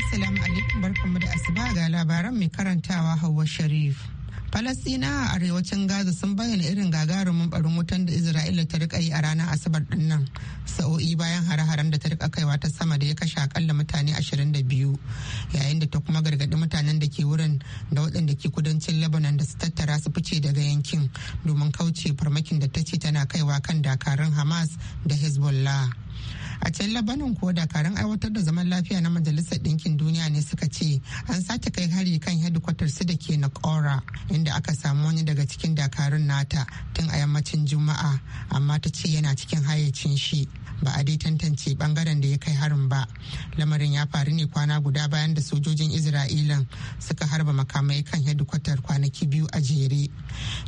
Assalamu alaikum barkanmu da asuba ga labaran mai karantawa Hauwa Sharif. Falasina a arewacin Gaza sun bayyana irin gagarumin barin wutan da Isra'ila ta rika yi a ranar Asabar din nan sa'o'i bayan hare-haren da ta rika kaiwa ta sama da ya kashe akalla mutane 22 yayin da ta kuma gargadi mutanen da ke wurin da waɗanda ke kudancin Lebanon da su tattara su fice daga yankin domin kauce farmakin da ta ce tana kaiwa kan dakarun Hamas da Hezbollah. a can labanin ko dakarun aiwatar da zaman lafiya na majalisar ɗinkin duniya ne suka ce an sace kai hari kan hedikwatar su da ke nakora inda aka samu wani daga cikin dakarun nata tun a yammacin juma'a amma ta ce yana cikin hayyacin shi ba a dai tantance bangaren da ya kai harin ba lamarin ya faru ne kwana guda bayan da sojojin isra'ilan suka harba makamai kan hedikwatar kwanaki biyu a jere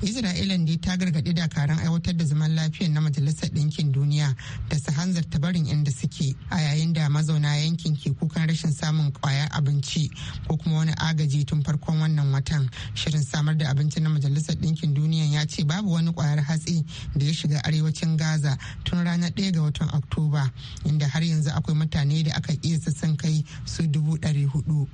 isra'ilan dai ta gargaɗi dakaran aiwatar da zaman lafiya na majalisar ɗinkin duniya da su hanzarta barin inda suke a yayin da mazauna yankin ke kukan rashin samun kwayar abinci ko kuma wani agaji tun farkon wannan watan shirin samar da abinci na majalisar ɗinkin duniya ya ce babu wani kwayar hatsi da ya shiga arewacin gaza tun ranar ɗaya ga watan oktoba inda har yanzu akwai mutane da aka iya sassan kai su dubu ɗari hudu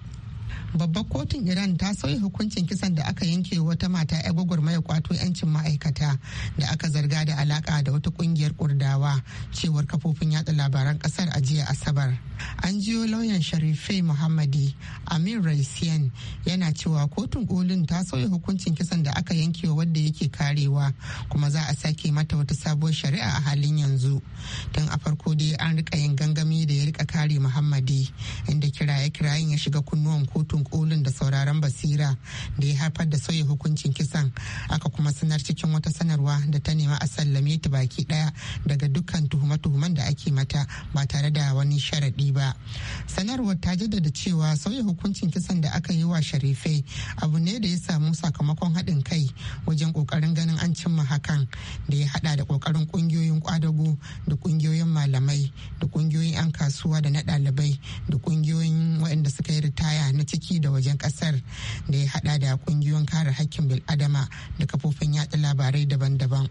babbar kotun iran ta sauya hukuncin kisan da aka yanke wata mata 'ya gwagwarmaya kwato 'yancin ma'aikata da aka zarga da alaka da wata kungiyar kurdawa cewar kafofin yatsa labaran kasar a jiya asabar an jiyo lauyan sharife muhammadi amin raisiyan yana cewa kotun kolin ta sauya hukuncin kisan da aka yanke wadda yake karewa kuma za a sake mata wata sabuwar shari'a a halin yanzu tun a farko dai an rika yin gangami da ya rika kare muhammadi inda kiraye kirayen ya shiga kunnuwan kotu kotun kolin da sauraron basira da ya haifar da sauya hukuncin kisan aka kuma sanar cikin wata sanarwa da ta nema a sallame ta baki daya daga dukkan tuhume-tuhumen da ake mata ba tare da wani sharaɗi ba sanarwar ta jaddada cewa sauya hukuncin kisan da aka yi wa sharifai abu ne da ya samu sakamakon haɗin kai wajen ƙoƙarin ganin an cimma hakan da ya haɗa da ƙoƙarin ƙungiyoyin kwadago da ƙungiyoyin malamai da ƙungiyoyin 'yan kasuwa da na ɗalibai da ƙungiyoyin waɗanda suka yi ritaya na ciki ciki da wajen kasar da ya hada da kungiyoyin kare hakkin bil'adama da kafofin yatsa labarai daban-daban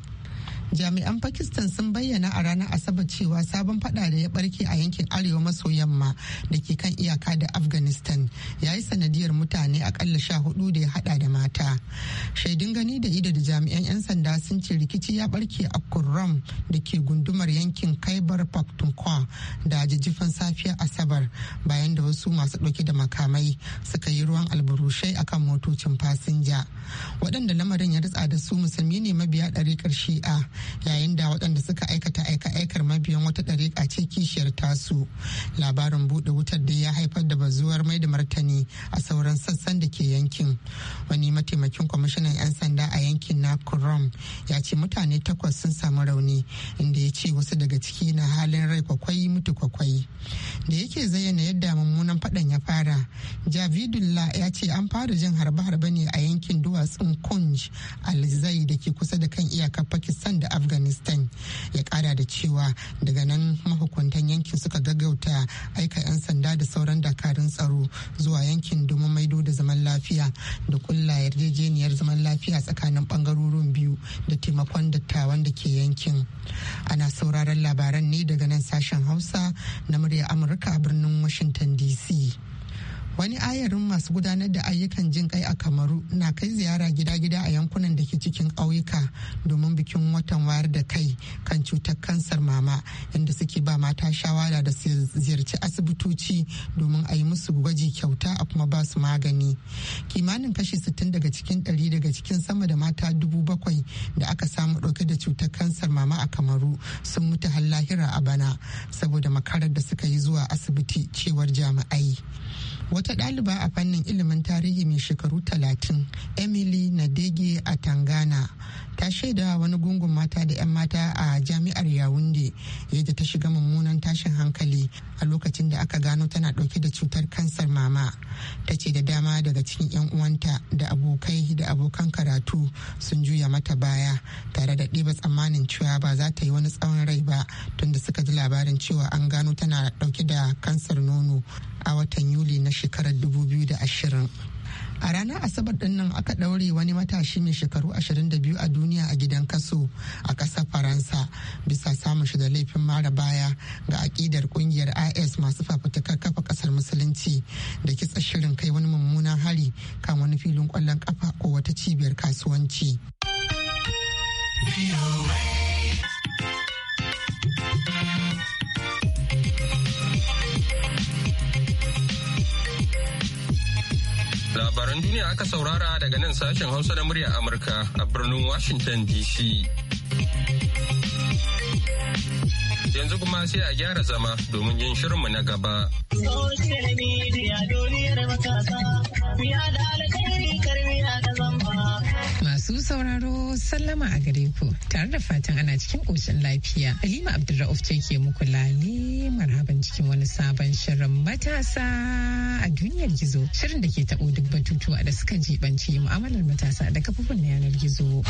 jami'an pakistan sun bayyana a ranar asabar cewa sabon fada da ya barke a yankin arewa maso yamma da ke kan iyaka da afghanistan ya yi sanadiyar mutane akalla sha hudu da ya hada da mata shaidun gani da ido da jami'an 'yan sanda sun ce rikici ya barke a kurram da ke gundumar yankin kaibar pakhtunkhwa da jijjifan safiya asabar bayan da wasu masu dauke da makamai suka yi ruwan alburushai akan motocin fasinja waɗanda lamarin ya ritsa da su musulmi ne mabiya ɗari shi'a yayin da waɗanda suka aikata aika-aikar mabiyan wata ɗariƙa ce kishiyar tasu labarin buɗe wutar da ya haifar da bazuwar mai da martani a sauran sassan da ke yankin wani mataimakin kwamishinan 'yan sanda a yankin na kurom ya ce mutane takwas sun samu rauni inda ya ce wasu daga ciki na halin rai kwakwai mutu kwakwai da yake zayyana yadda mummunan faɗan ya fara javidullah ya ce an fara jin harbe-harbe ne a yankin duwatsun kunj alzai da ke kusa da kan iyakar pakistan da da afghanistan ya kara da cewa daga nan mahukuntan yankin suka gaggauta aika 'yan sanda da sauran dakarun tsaro zuwa yankin domin maido da zaman lafiya da kulla yarjejeniyar zaman lafiya tsakanin bangarorin biyu da taimakon dattawan da ke yankin ana sauraron labaran ne daga nan sashen hausa na murya amurka birnin washinton dc wani ayarin masu gudanar da ayyukan jin kai a kamaru na kai ziyara gida-gida a yankunan da ke cikin ƙauyuka domin bikin watan wayar da kai kan cutar kansar mama inda suke ba mata shawara da su ziyarci asibitoci domin a yi musu gwaji kyauta a kuma ba su magani kimanin kashi 60 daga cikin 100 daga cikin sama da mata dubu bakwai da aka samu ɗauke da cutar kansar mama a kamaru sun mutu har lahira a bana saboda makarar da suka yi zuwa asibiti cewar jami'ai wata ɗaliba a fannin ilimin tarihi mai shekaru 30 emily nadege a tangana ta shaida wani gungun mata da 'yan mata a jami'ar yawunde yadda ta shiga mummunan tashin hankali a lokacin da aka gano tana dauke da cutar kansar mama ta ce da dama daga cikin 'yan uwanta da abokai da abokan karatu sun juya mata baya tare da ɗiba tsammanin cewa ba za ta yi wani tsawon rai ba tunda suka ji labarin cewa an gano tana dauke da kansar nono a watan yuli na shekarar 2020 a ranar asabar din nan aka ɗaure wani matashi mai shekaru 22 a duniya a gidan kaso a ƙasar faransa bisa samun shi da laifin mara baya ga aƙidar ƙungiyar is masu fafutukar kafa ƙasar musulunci da kitsa shirin kai wani mummunan hari kan wani filin ƙwallon ƙafa ko wata cibiyar kasuwanci. Labaran duniya aka saurara daga nan sashen Hausa da murya Amurka a birnin Washington DC. Yanzu kuma sai a gyara zama domin yin shirinmu na gaba. masu sauraro sallama a gare ku tare da fatan ana cikin ƙoshin lafiya. Halima Abdulra'uf ce ke muku lale marhaban cikin wani sabon shirin matasa a duniyar gizo. Shirin da ke taɓo duk batutuwa da suka jibanci mu'amalar matasa da kafofin yanar gizo.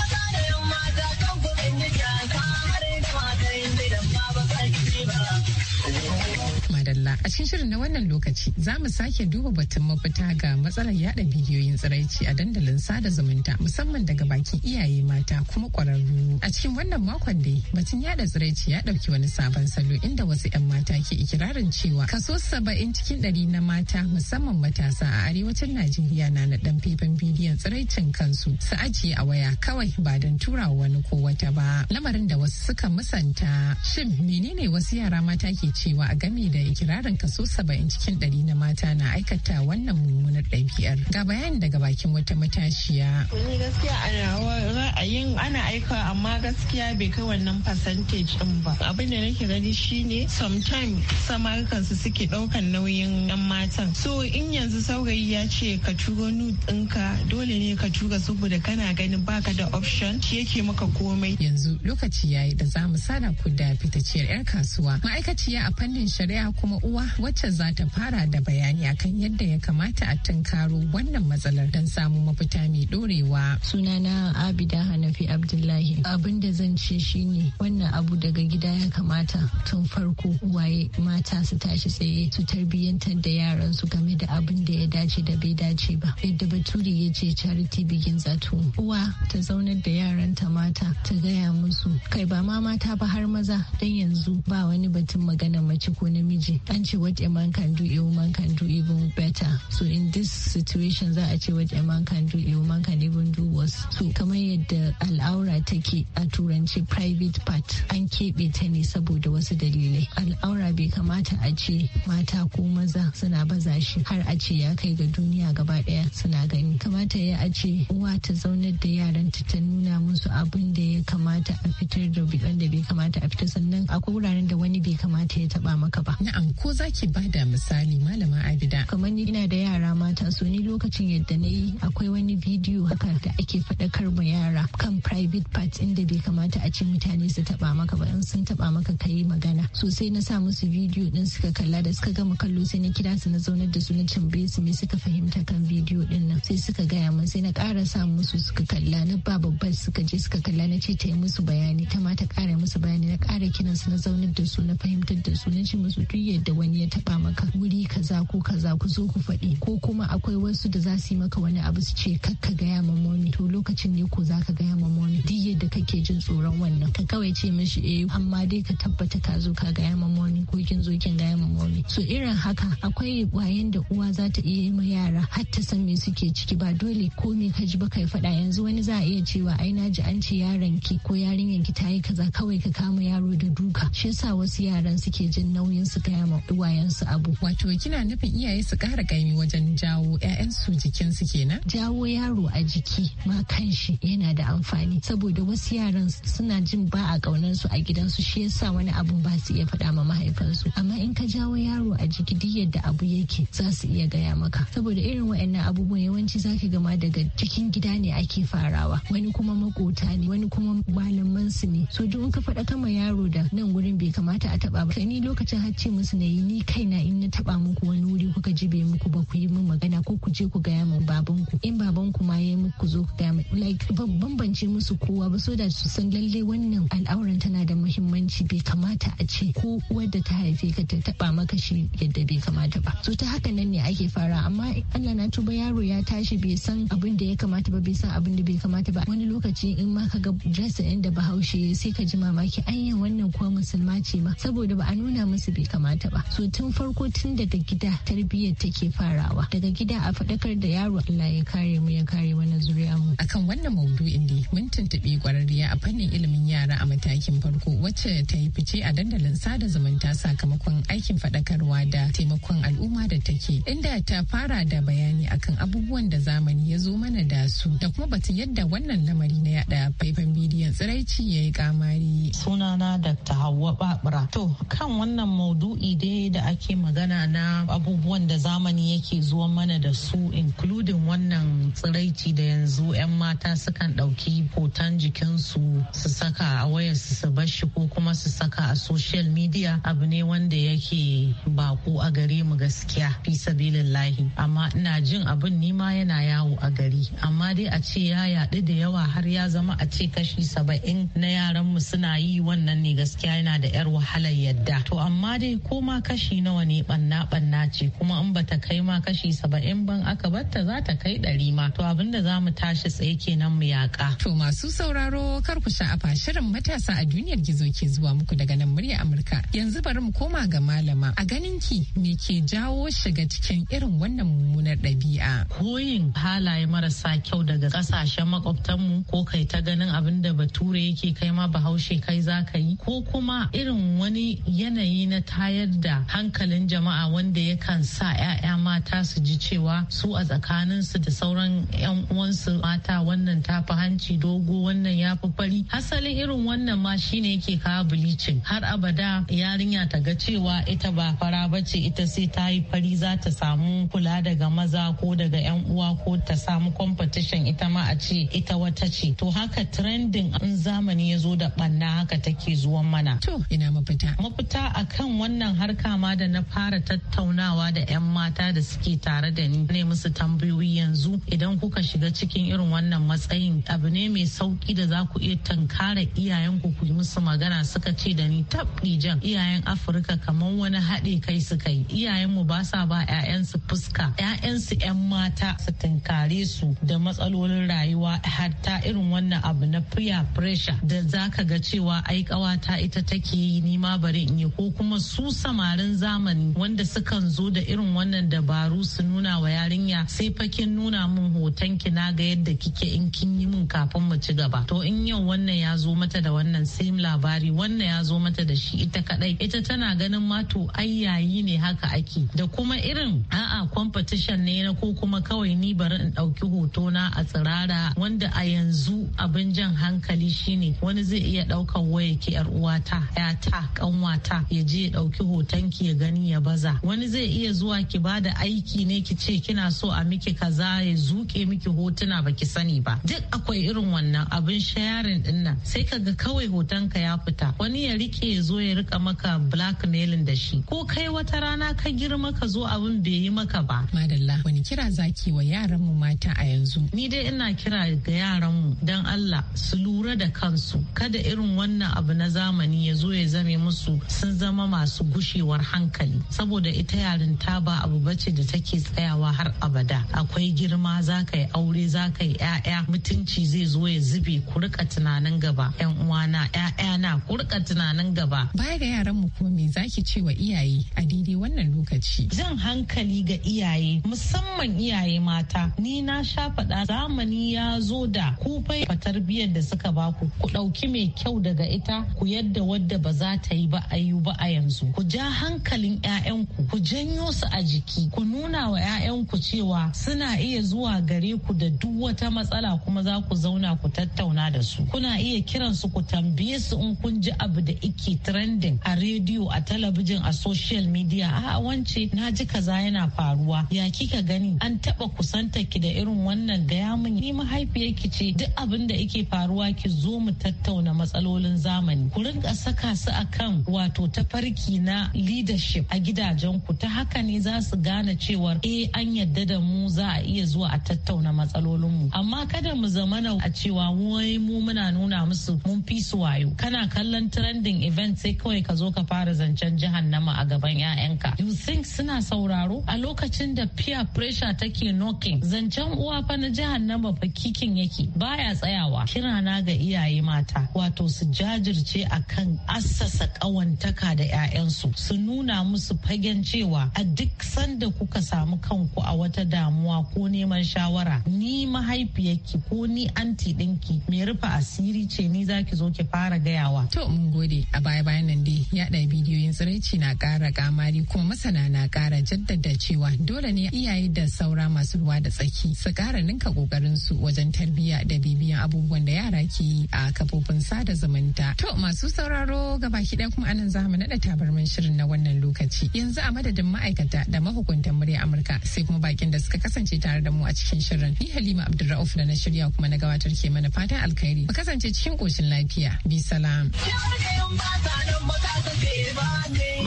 Madalla a cikin shirin na wannan lokaci za mu sake duba batun mafita ga matsalar yada bidiyoyin tsiraici a dandalin sada zumunta musamman daga bakin iyaye mata kuma kwararru. A cikin wannan makon dai batun yada tsiraici ya dauki wani sabon salo inda wasu 'yan mata ke ikirarin cewa kaso saba'in cikin ɗari na mata musamman matasa a arewacin Najeriya na na faifan bidiyon tsiraicin kansu su ajiye a waya kawai ba don turawa wani ko wata ba. Lamarin da wasu suka musanta shin menene wasu yara mata ke cewa a game da ikirarin kaso saba'in cikin ɗari na mata na aikata wannan mummunar ɗabi'ar ga bayani daga bakin wata matashiya ni gaskiya ana ra'ayin ana aika amma gaskiya bai kai wannan percentage din ba abin da nake gani shine sometimes samarukan suke ɗaukan nauyin yan matan so in yanzu saurayi ya ce ka turo nude ɗinka dole ne ka tura saboda kana ganin baka da option shi yake maka komai yanzu lokaci yayi da za Hamsana Kudda fitacciyar 'yar kasuwa ma'aikaciya a fannin shari'a kuma uwa wacce za ta fara da bayani akan yadda ya kamata a tunkaro wannan matsalar don samu mafita mai dorewa. Sunana Abida Hanafi Abdullahi abin da zan ce shine wannan abu daga gida ya kamata tun farko waye mata su tashi tsaye su tarbiyyantar da yaran su game da abin da ya dace da bai dace ba yadda baturi ya ce charity begins zato uwa ta zaunar da yaranta mata ta gaya musu kai ba ma mata ba har maza don yanzu ba wani batun magana mace ko namiji an ce what a man can do a woman can do even better so in this situation za a ce what a man can do a woman can even do was so kamar yadda al'aura take a turanci private part an keɓe ta ne saboda wasu dalilai al'aura bai kamata a ce mata ko maza suna baza shi har a ce ya kai ga duniya gaba ɗaya suna gani kamata ya a ce uwa ta zaunar da yaranta ta nuna musu abin da ya kamata a fitar da wanda bai kamata a fitar sannan akwai wuraren da wani bai kamata ya taba maka ba na'am ko zaki bada misali malama abida kamar ni ina da yara mata so ni lokacin yadda na yi akwai wani bidiyo haka da ake faɗakar ma yara kan private part inda bai kamata a ce mutane su taba maka ba in sun taba maka ka yi magana sosai na sa musu bidiyo din suka kalla da suka gama kallo sai na kira su na zaunar da su na tambaye su me suka fahimta kan bidiyo din nan sai suka gaya min sai na ƙara sa musu suka kalla na ba babbar suka je suka kalla na ce ta yi musu bayani ta ma ta ƙara musu bayani na ƙara su na zaunar da su na fahimtar da su na ce musu duk yadda wani ya taɓa maka wuri kaza ko kaza ku zo ku faɗi faɗi ko kuma akwai wasu da za su yi maka wani abu su ce ka gaya ma momi to lokacin ne ko za ka gaya ma momi duk yadda kake jin tsoron wannan ka kawai ce mishi eh amma dai ka tabbata ka zo ka gaya ma momi ko kin zo kin gaya ma momi so irin haka akwai wayan da uwa za ta iya yi ma yara har ta san me suke ciki ba dole ko me ka ji ba kai faɗa yanzu wani za a iya cewa ai na ji an ce yaron ki ko yarinyan ki ta yi kaza kawai ka kama yaro da duka shi yasa wasu yaran suke jin nauyin su gaya ma uwayensu abu wato kina nufin iyaye su ƙara ƙaimi gani wajen jawo 'ya'yansu jikinsu kenan? Jawo yaro a jiki ma kan shi yana da amfani saboda wasu yaran suna jin ba a kaunar su a su. shi yasa wani abu ba su iya faɗa ma mahaifansu amma in ka jawo yaro a jiki duk yadda abu yake za su iya gaya maka saboda irin waɗannan abubuwan yawanci zaki gama daga cikin gida ne ake farawa wani kuma makota ne wani kuma malaman su ne so duk in ka faɗa kama yaro da nan wurin bai kamata a taɓa ba ni lokacin ce musu na yi ni kaina in na taɓa muku wani wuri kuka jibe muku ba ku yi min magana ko ku je ku gaya min baban ku in baban ku ma ya yi ku zo ku gaya min like bambance musu kowa ba so da su san lalle wannan al'auran tana da muhimmanci bai kamata a ce ko wadda ta haife ka ta taba maka shi yadda bai kamata ba so ta haka nan ne ake fara amma Allah na tuba yaro ya tashi bai san abin da ya kamata ba bai san abin da bai kamata ba wani lokaci in ma ka ga dress inda bahaushe sai ka ji mamaki anya wannan kuwa musulma ce ma saboda ba a nuna musu bai kamata ba so tun farko tun daga gida tarbiyyar take fara farawa daga gida a faɗakar da yaro Allah ya kare mu ya kare mana zuriya mu akan wannan maudu'in ne mun tuntubi kwararriya a fannin ilimin yara a matakin farko wacce ta yi fice a dandalin sada zumunta sakamakon aikin faɗakarwa da taimakon al'umma da take inda ta fara da bayani akan abubuwan da zamani ya zo mana da su da kuma batun yadda wannan lamari na yada faifan bidiyon tsiraici ya yi kamari. Sunana Dr. hawa Babura. To, kan wannan maudu'i dai da ake magana na abubuwan da zamani yake zuwa mana da su including wannan tsiraici da yanzu 'yan mata sukan ɗauki hoton jikinsu su saka a wayar su bar shi ko kuma su saka a social media abu ne wanda yake bako a gare mu gaskiya fi sabilillahi amma ina jin abin nima yana yawo a gari amma dai a ce ya yaɗu da yawa har ya zama a ce kashi saba'in na yaran mu suna yi wannan ne gaskiya yana da yar wahalar yadda to amma dai koma kashi nawa ne banna banna ce kuma in bata kai kai ma kashi saba'in ban aka batta za ta kai ɗari ma to abin da za mu tashi tsaye kenan mu yaƙa. To masu sauraro kar ku sha'afa shirin matasa a duniyar gizo ke zuwa muku daga nan murya Amurka yanzu bari mu koma ga malama a ganin ki me ke jawo shiga cikin irin wannan mummunar ɗabi'a. Koyin halaye marasa kyau daga ƙasashen mu ko kai ta ganin abin da bature yake kai ma bahaushe kai za ka yi ko kuma irin wani yanayi na tayar da hankalin jama'a wanda yakan sa 'ya'ya mata su ji cewa su a tsakaninsu da sauran 'yan uwansu mata wannan ta fi hanci dogo wannan ya fi fari hasali irin wannan ma shine yake kawo bilicin har abada yarinya ta ga cewa ita ba fara ba ce ita sai ta yi fari za ta samu kula daga maza ko daga 'yan uwa ko ta samu competition ita ma a ce ita wata ce to haka trending in zamani ya zo da banna haka take zuwan mana to ina mafita mafita akan wannan harka ma da na fara tattaunawa da 'yan mata da suke tare da ni ne musu tambayoyi yanzu idan kuka shiga cikin irin wannan matsayin abu ne mai sauki da za ku iya tankara iyayen ku ku musu magana suka ce da ni tab jan iyayen afirka kamar wani haɗe kai suka yi iyayen mu ba sa ba 'ya'yansu fuska 'ya'yansu 'yan mata su tankare su da matsalolin rayuwa hatta irin wannan abu na peer pressure da za ka ga cewa ai ƙawata ita take yi ni ma bari in yi ko kuma su samarin zamani wanda sukan zo da irin wannan da dabaru su nuna wa yarinya sai fakin nuna min hoton ki na ga yadda kike in kin yi min kafin mu ci gaba to in yau wannan ya zo mata da wannan same labari wannan ya zo mata da shi ita kadai ita tana ganin ma to ai yayi ne haka ake da kuma irin a'a competition ne na ko kuma kawai ni bari in dauki hoto na a tsirara wanda a yanzu abin jan hankali shine wani zai iya daukar waya ki yar uwata yata kanwata ya je ya dauki hoton ki ya gani ya baza wani zai iya zuwa ki bada aiki ne ki ce kina so a miki kaza ya zuke miki hotuna baki sani ba duk akwai irin wannan abin sharing din nan sai kaga kawai hoton ka ya fita wani ya rike ya zo ya rika maka blackmailing da shi ko kai wata rana ka girma ka zo abin bai yi maka ba madalla wani kira zaki wa yaran mu mata a yanzu ni dai ina kira ga yaran mu dan Allah su lura da kansu kada irin wannan abu na zamani ya zo ya zame musu sun zama masu gushewar hankali saboda ita yarinta ba abu bace ce da take tsayawa har abada akwai girma za ka yi aure za ka yi 'ya'ya mutunci zai zo ya zube ku rika tunanin gaba yan uwana yaya ku rika tunanin gaba baya ga yaran mu kuma me zaki ce wa iyaye a daidai wannan lokaci Zan hankali ga iyaye musamman iyaye mata ni na sha faɗa zamani ya zo da ku fai tarbiyyar da suka baku ku ɗauki mai kyau daga ita ku yadda wadda ba za ta yi ba a yi ba a yanzu ku ja hankalin 'ya'yanku ku janyo su a jiki ku nuna wa 'ya'yanku cewa suna iya zuwa gare ku da duk wata matsala kuma za ku zauna ku tattauna da su kuna iya kiran su ku tambaye su in kun ji abu da ike trending a rediyo a talabijin a social media a wance na ji kaza yana faruwa ya kika gani an taba kusanta ki da irin wannan gaya min ni mahaifiyar ki ce duk abin da ike faruwa ki zo mu tattauna matsalolin zamani ku rinka saka su akan wato tafarki na leadership a gidajen ku ta haka ne za su gane mana cewar eh an yadda da mu za a iya zuwa a tattauna matsalolinmu amma kada mu zamana a cewa wai mu muna nuna musu mun fi su wayo kana kallon trending event sai kawai ka zo ka fara zancen nama a gaban 'ya'yanka you think suna sauraro a lokacin da peer pressure take knocking zancen uwa fa na nama fa kikin yake baya tsayawa kirana ga iyaye mata wato su jajirce akan assasa kawantaka da 'ya'yansu su nuna musu fagen cewa a duk sanda da kuka samu kanku a wata damuwa ko neman shawara ni mahaifiyarki ko ni anti ɗinki mai rufe asiri ce ni zaki zo ki fara gayawa. To mun gode a baya bayan nan dai yaɗa bidiyoyin tsiraici na ƙara kamari kuma masana na ƙara jaddada cewa dole ne iyaye da saura masu ruwa da tsaki su ƙara ninka kokarin su wajen tarbiyya da bibiyan abubuwan da yara ke yi a kafofin sada zumunta. To masu sauraro gaba ɗaya kuma anan za mu naɗa tabarman shirin na wannan lokaci yanzu a madadin ma'aikata da mahukunta wandon murya Amurka sai kuma bakin da suka kasance tare da mu a cikin shirin. Ni Halima Abdulrauf da na shirya kuma na gabatar ke mana fatan alkhairi. Mu kasance cikin koshin lafiya. Bi salam.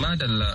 Madalla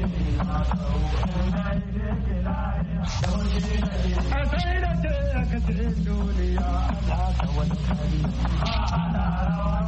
Ana rawa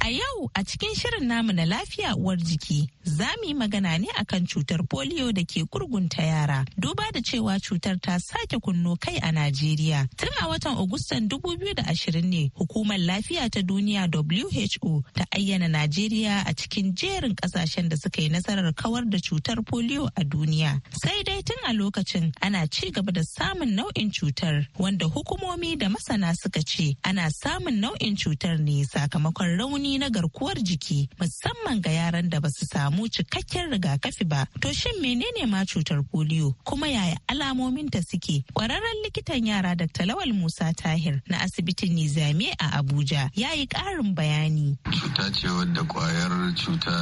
A yau a cikin shirin namu na lafiya uwar jiki za mu yi magana ne akan cutar polio da ke kurgunta yara duba da cewa cutar ta sake kunno kai a Najeriya. Tun a watan Agustan 2020 ne hukumar lafiya ta duniya WHO ta ayyana Najeriya a cikin jerin kasashen da suka yi nasarar kawar da cutar polio a duniya. Sai dai tun a lokacin ana ci gaba da samun nau'in cutar wanda hukumomi da masana suka ce ana samun nau'in cutar ne sakamakon rauni na garkuwar jiki musamman ga yaran da ba su samu cikakken rigakafi ba. To shin menene ma cutar polio kuma yaya alamomin ta suke? Kwararren likitan yara da talawal Musa Tahir na asibitin Nizami a Abuja ya yi ƙarin bayani. Cuta ce wadda kwayar cuta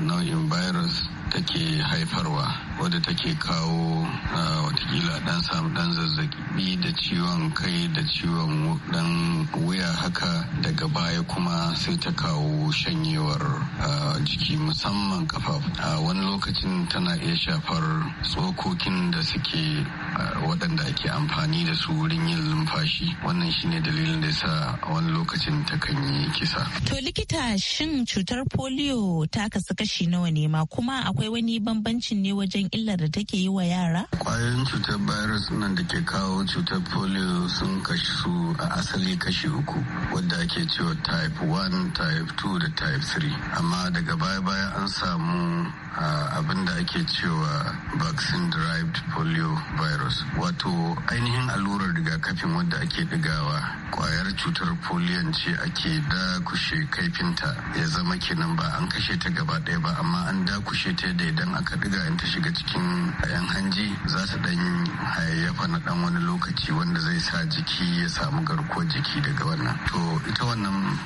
nau'in virus take haifarwa wadda take kawo watakila dan samu dan zazzabi da ciwon kai da ciwon dan wuya haka daga baya kuma sai ta kawo shanyewar jiki musamman kafafu a wani lokacin tana iya shafar tsokokin da suke waɗanda ake amfani da su wurin yin numfashi wannan shine dalilin da sa wani lokacin ta kan yi kisa. To likita shin cutar polio ta kasu kashi nawa ne ma kuma akwai wani bambancin ne wajen illar da take yi wa yara? Kwayoyin cutar virus nan da ke kawo cutar polio sun kashi su a asali kashi uku wadda ake cewa type 1, type 2 da type 3 amma daga baya-baya an samu abin da ake cewa vaccine derived polio virus wato ainihin allurar rigakafin wadda ake digawa kwayar cutar polio ce ake dakushe kaifinta ya zama kenan ba an kashe ta gaba ɗaya ba amma an dakushe ta da idan aka diga in ta shiga cikin yan hanji za ta dan hayayyafa na dan wani lokaci wanda zai sa jiki ya samu garkuwar jiki daga wannan to ita wannan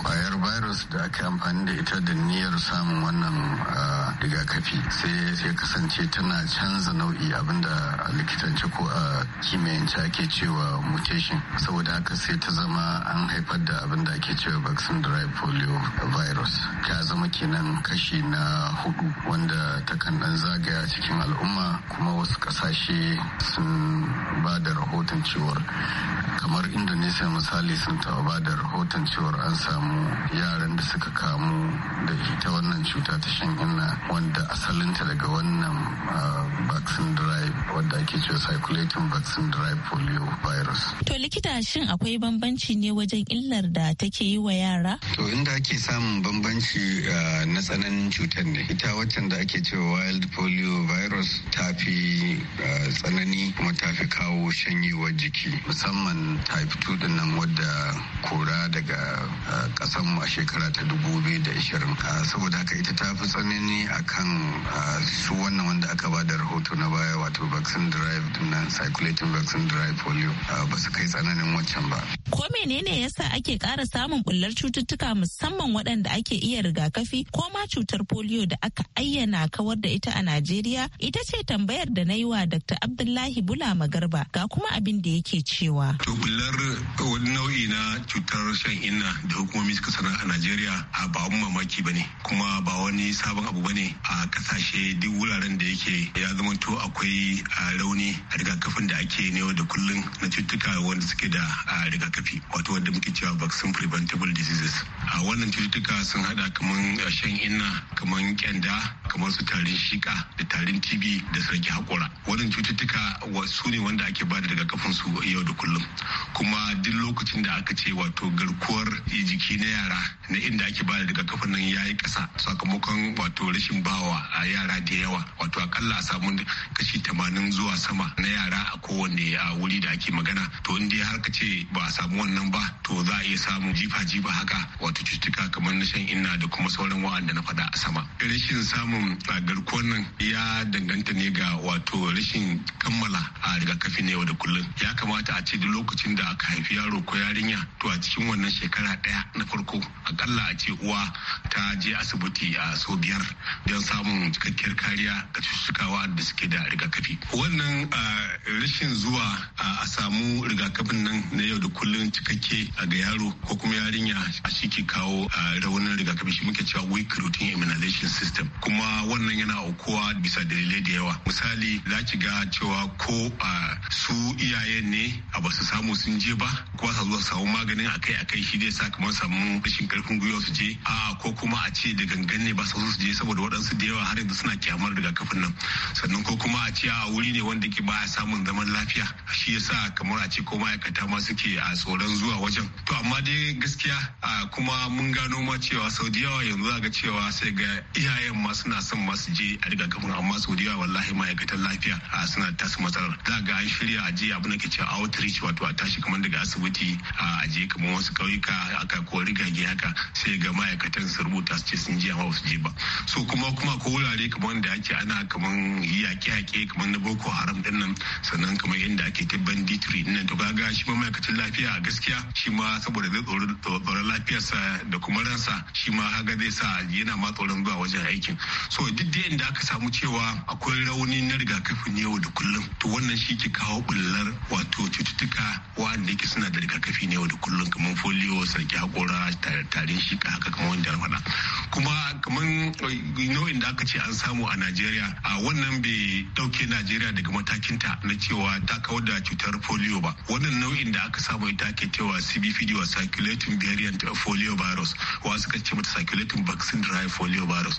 kwayar virus da aka amfani da ita da niyyar samun wannan ah, rigakafi sai ya kasance tana canza nau'i abinda a likitance ko a kimiyyance ake cewa mutation saboda haka sai ta zama an haifar da abinda ake cewa vaccine dry polio virus ta zama kenan kashi na hudu wanda takan dan zagaya cikin al'umma kuma wasu kasashe sun ba da rahoton cewar kamar indonesia misali sun taɓa ba da rahoton cewar an samu yaran da suka kamu da ita wannan cuta ta shan inna wanda asalinta daga wannan ah, vaccine drive wadda ake cewa circulating vaccine drive polio virus. To likita shin akwai bambanci ne wajen illar da take yi wa yara? To inda ake samun bambanci ah, na tsananin cutar ne. Ita waccan da ake cewa wild polio virus ta fi ah, tsanani kuma ta fi kawo shanyewar jiki musamman type 2 dinnan wadda kora daga kasan mu a shekara ta da ishirin saboda haka ita ta fi tsanani a kan su wannan wanda aka ba da rahoto na baya wato vaccine drive na circulating vaccine drive polio ba su kai tsananin wancan ba ko menene yasa ake ƙara samun bullar cututtuka musamman waɗanda ake iya rigakafi ko ma cutar polio da aka ayyana kawar da ita a najeriya ita ce tambayar da na yi wa dr abdullahi bula magarba ga kuma abin da yake cewa to bullar wani nau'i na cutar shan inna da hukumomi suka sanar a Najeriya a ba abun mamaki ba ne kuma ba wani sabon abu ba ne a kasashe duk wuraren da yake ya zama to akwai rauni a rigakafin da ake ne da kullun na cututtuka wanda suke da rigakafi wato wanda muke cewa vaccine preventable diseases a wannan cututtuka sun hada kaman shan inna kaman kyanda kamar su tarin shika da tarin tb da sarki hakora wannan cututtuka wasu ne wanda ake bada da rigakafin su yau da kullum kuma duk lokacin da aka ce wato garkuwar tsari jiki na yara na inda ake ba da rigakafin nan ya yi ƙasa sakamakon wato rashin bawa a yara da yawa wato akalla a samu kashi tamanin zuwa sama na yara a kowane a wuri da ake magana to in dai har ka ce ba a samu wannan ba to za a iya samun jifa-jifa haka wato cututtuka kamar na shan inna da kuma sauran wa'anda na faɗa a sama rashin samun garkuwan nan ya danganta ne ga wato rashin kammala a rigakafi na yau da kullum ya kamata a ce duk lokacin da aka haifi yaro ko yarinya to a cikin wannan shekara ɗaya daya na farko akalla a ce uwa ta je asibiti a sau biyar don samun cikakkiyar kariya ga cututtukawa da suke da rigakafi wannan rashin zuwa a samu rigakafin nan na yau da kullum cikakke ga yaro ko kuma yarinya a shi ke kawo raunin rigakafi shi muke cewa weak routine immunization system kuma wannan yana aukuwa bisa dalilai da yawa misali za ki ga cewa ko su iyayen ne a basu samu sun je ba ko sa zuwa samu maganin akai-akai shi zai sa kamar samu rashin karfin gwiwa su je a ko kuma a ce da gangan ne ba su su je saboda waɗansu da yawa har yanzu suna kyamar kafin nan sannan ko kuma a ce a wuri ne wanda ke baya samun zaman lafiya shi yasa kamar a ce ko ma'aikata ma suke a tsoron zuwa wajen to amma dai gaskiya kuma mun gano ma cewa sau da yawa yanzu za ga cewa sai ga iyayen ma suna son masu je a kafin amma sau da yawa wallahi ma'aikatan lafiya suna tasu matsalar za ga an shirya a je abu na ke cewa outreach wato a tashi kamar daga asibiti a je kamar wasu ƙauyuka aka riga gage haka sai ga ma'aikatan su rubuta su ce sun je amma su je ba so kuma kuma ko wurare kamar da ake ana kamar yaƙe-yaƙe kamar na boko haram din nan sannan kamar inda ake ta banditry din nan to kaga shi ma ma'aikacin lafiya a gaskiya shi ma saboda zai tsoron lafiyarsa da kuma ransa shi ma haga zai sa yana ma tsoron zuwa wajen aikin so duk da inda aka samu cewa akwai rauni na rigakafin yau da kullum to wannan shi ke kawo bullar wato cututtuka wanda yake suna da rigakafi na yau da kullum kamar foliyo sarki rike hakora tare shi haka kamar wanda faɗa kuma kamar nau'in da aka ce an samu a najeriya a wannan bai ɗauke najeriya daga matakinta na cewa ta kawar da cutar polio ba wannan nau'in da aka samu ita ke cewa cbpd wa circulating variant polio virus wa suka ce mata circulating vaccine drive polio virus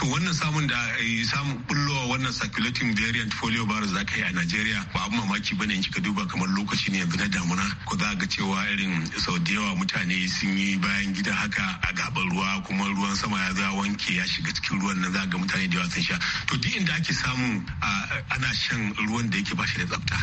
so wannan samun da eh, samun bullowa wannan circulating variant folio virus da aka yi a Najeriya ba abu mamaki bane in kika duba kamar lokaci ne yanzu na damuna ko za ga cewa irin sau da yawa mutane sun yi bayan gida haka a gaban ruwa kuma ruwan sama ya za wanke ya shiga cikin ruwan nan za ga mutane da yawa sun sha to duk inda ake samu ana shan ruwan da yake bashi da tsafta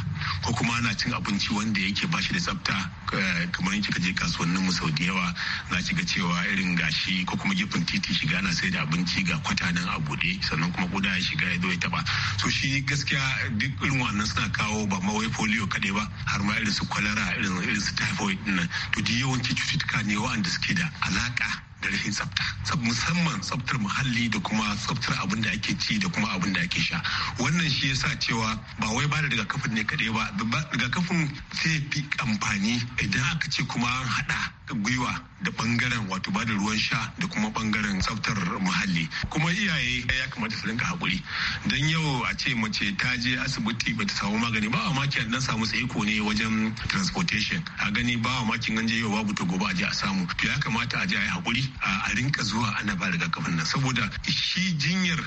ko kuma ana cin abinci wanda yake bashi da tsafta eh, kamar in kika je kasuwannin mu sau da yawa za ki ga cewa irin gashi ko kuma gefen titi shiga ana sai da abinci ga kwata tsakanin nan a bude sannan kuma koda ya shiga ya zo ya taba so shi gaskiya duk irin wannan suna kawo ba mawai wai polio kadai ba har ma irin su kwalara irin su typhoid din nan to duk yawanci cututtuka ne wa'anda suke da alaka da rashin tsafta musamman tsaftar muhalli da kuma tsaftar abin da ake ci da kuma abin da ake sha wannan shi yasa cewa ba wai ba da rigakafin ne kadai ba rigakafin zai fi amfani idan aka ce kuma an hada gwiwa da bangaren wato ba da ruwan sha da kuma bangaren tsaftar muhalli kuma iyaye ya kamata su rinka hakuri don yau a ce mace ta je asibiti bata samu magani ba mamaki dan samu tsaiko ne wajen transportation a gani ba mamaki an je yau babu to gobe a je a samu to ya kamata a je a yi hakuri a rinka zuwa ana ba rigakafin nan saboda shi jinyar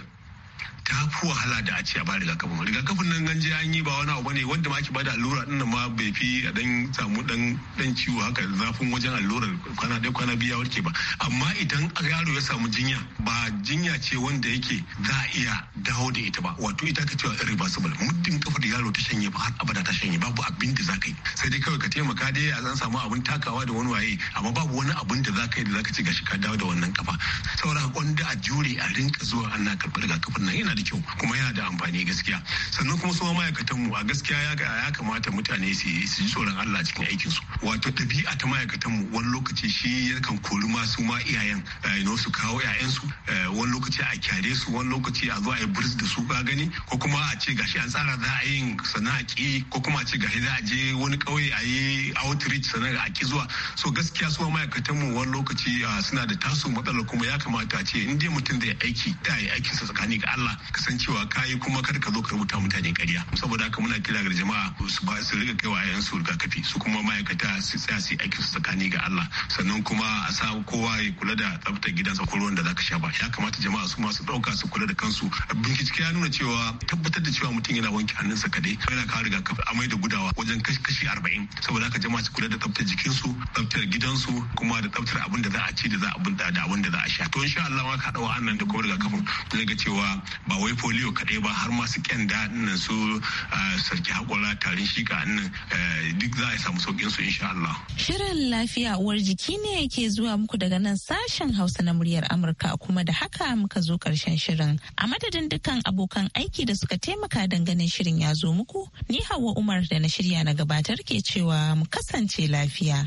ta fi wahala da a ce a ba rigakafin rigakafin nan ganje an yi ba wani abu bane wanda ma ki bada allura din ma bai fi a dan samu dan dan ciwo haka zafin wajen allurar kwana ɗaya kwana biya warke ba amma idan yaro ya samu jinya ba jinya ce wanda yake za a iya dawo da ita ba wato ita ka cewa irreversible muddin kafar yaro ta shanye ba har abada ta shanye babu abin da za ka yi sai dai kawai ka taimaka dai a zan samu abin takawa da wani waye amma babu wani abin da za ka yi da za ka ci gashi ka dawo da wannan kafa saboda wanda a jure a rinka zuwa ana karɓar rigakafin wannan yana da kyau kuma yana da amfani gaskiya sannan kuma su ma'aikatan mu a gaskiya ya kamata mutane su yi tsoron Allah cikin aikin su wato ɗabi'a ta ma'aikatan mu wani lokaci shi yakan kori masu ma iyayen ino eh, su kawo iyayen su eh, wani lokaci a kyare su wani lokaci a zo a yi buris da su ka gani ko kuma a ce gashi an tsara za a yin sana'a ki ko kuma a ce gashi za a je wani kauye a yi outreach sana'a a ki zuwa so gaskiya su ma'aikatan mu wani lokaci ah, suna da tasu matsala kuma ya kamata a ce in dai mutum da ya aiki da ya aikinsa tsakani ga Allah ka san cewa kayi kuma kar ka zo ka rubuta mutane ƙarya saboda haka muna kira ga jama'a su ba su riga kaiwa yayan su rigakafi su kuma ma'aikata su tsaya su aikin su tsakani ga Allah sannan kuma a sa kowa ya kula da tsaftar gidansa ko ruwan da zaka sha ba ya kamata jama'a su ma su dauka su kula da kansu bincike ya nuna cewa tabbatar da cewa mutum yana wanke hannunsa kadai yana kawo rigakafi amai da gudawa wajen kashi arba'in saboda haka jama'a su kula da tsaftar jikinsu tsaftar gidansu kuma da tsaftar abin da za a ci da za a da abin da za a sha to insha Allah ma ka dawo annan da kuma rigakafin ga cewa ba wai polio kaɗai ba har masu kyanda nan su ah, sarki haƙura tarin shika nan eh, duk za a samu saukin su insha Allah. Shirin lafiya uwar jiki ne ke zuwa muku daga nan sashen Hausa na muryar Amurka kuma da haka muka zo karshen shirin. A madadin dukkan abokan aiki da suka taimaka ganin shirin ya zo muku, ni Hauwa Umar da na shirya na gabatar ke cewa mu kasance lafiya.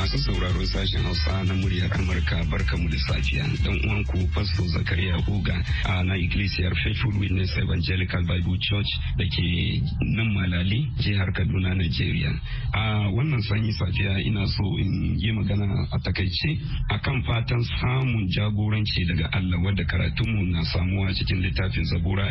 Masu sauraron sashen Hausa na muryar Amurka barkamu da safiya dan uwanku Pastor Zakariya Oga a na Iglesiyar Faithful Witness Evangelical Bible Church da ke nan Malali jihar Kaduna Nigeria. A wannan sanyi safiya ina so in yi magana a takaice kan fatan samun jagoranci daga Allah wadda karatunmu na samuwa cikin littafin Zabura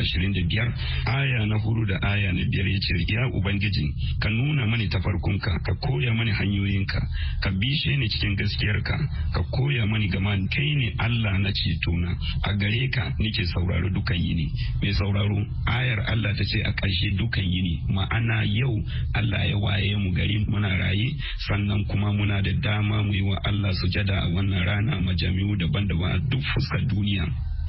biyar. aya na hudu da aya na biyar ya ce ya Ubangiji ka nuna mani tafarkunka ka koya mani hanyoyinka ka bishe ni cikin gaskiyarka ka koya mani gama kai ne Allah na cetona a gare ka nake sauraro dukan yini mai sauraro ayar Allah ta ce a ƙarshe dukan yini ma'ana yau Allah ya waye mu gari muna raye sannan kuma muna da dama mu yi wa Allah sujada a wannan rana majami'u daban-daban a duk fuskar duniya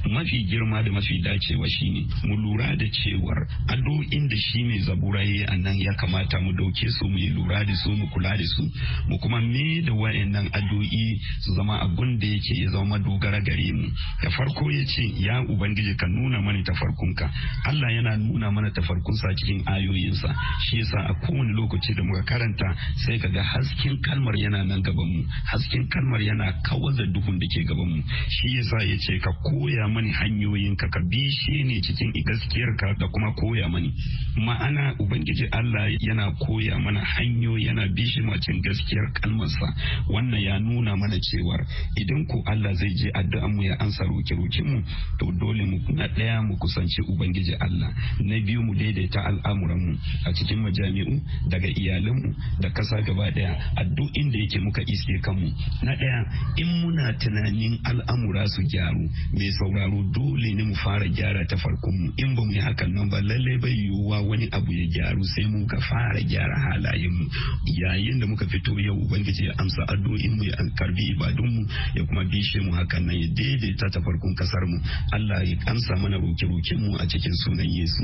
mafi girma da mafi dacewa shine mu lura da cewar addu'o'in da shi ne zabura a nan ya kamata mu dauke su mu lura da su mu kula da su mu kuma me da wayannan addu'o'i su zama abun da yake ya zama dogara gare mu da farko ya ce ya ubangiji ka nuna mana tafarkunka Allah yana nuna mana tafarkunsa cikin ayoyinsa shi yasa a kowane lokaci da muka karanta sai ka ga hasken kalmar yana nan gaban mu hasken kalmar yana kawar da duhun da ke gaban mu shi yasa ya ce ka koya mani hanyoyin ka ka shi ne cikin gaskiyar ka da kuma koya mani ma'ana ubangiji Allah yana koya mana hanyoyi yana bishe macin gaskiyar kalmarsa wannan ya nuna mana cewar idan ku Allah zai je addu'an mu ya ansa roke roke mu to dole mu na daya mu kusance ubangiji Allah na biyu mu daidaita al'amuran mu a cikin majami'u daga iyalan mu da kasa gaba daya a duk inda yake muka iske kanmu na daya in muna tunanin al'amura su gyaru me saura sauraro dole ne mu fara gyara ta farkon mu in ba mu yi hakan nan ba lallai bai yiwuwa wani abu ya gyaru sai mu ka fara gyara halayen mu yayin da muka fito yau ubangiji ya amsa addu'in mu ya karbi ibadun mu ya kuma bishe mu hakan nan ya daidaita ta farkon kasar mu Allah ya amsa mana roke-roken mu a cikin sunan Yesu.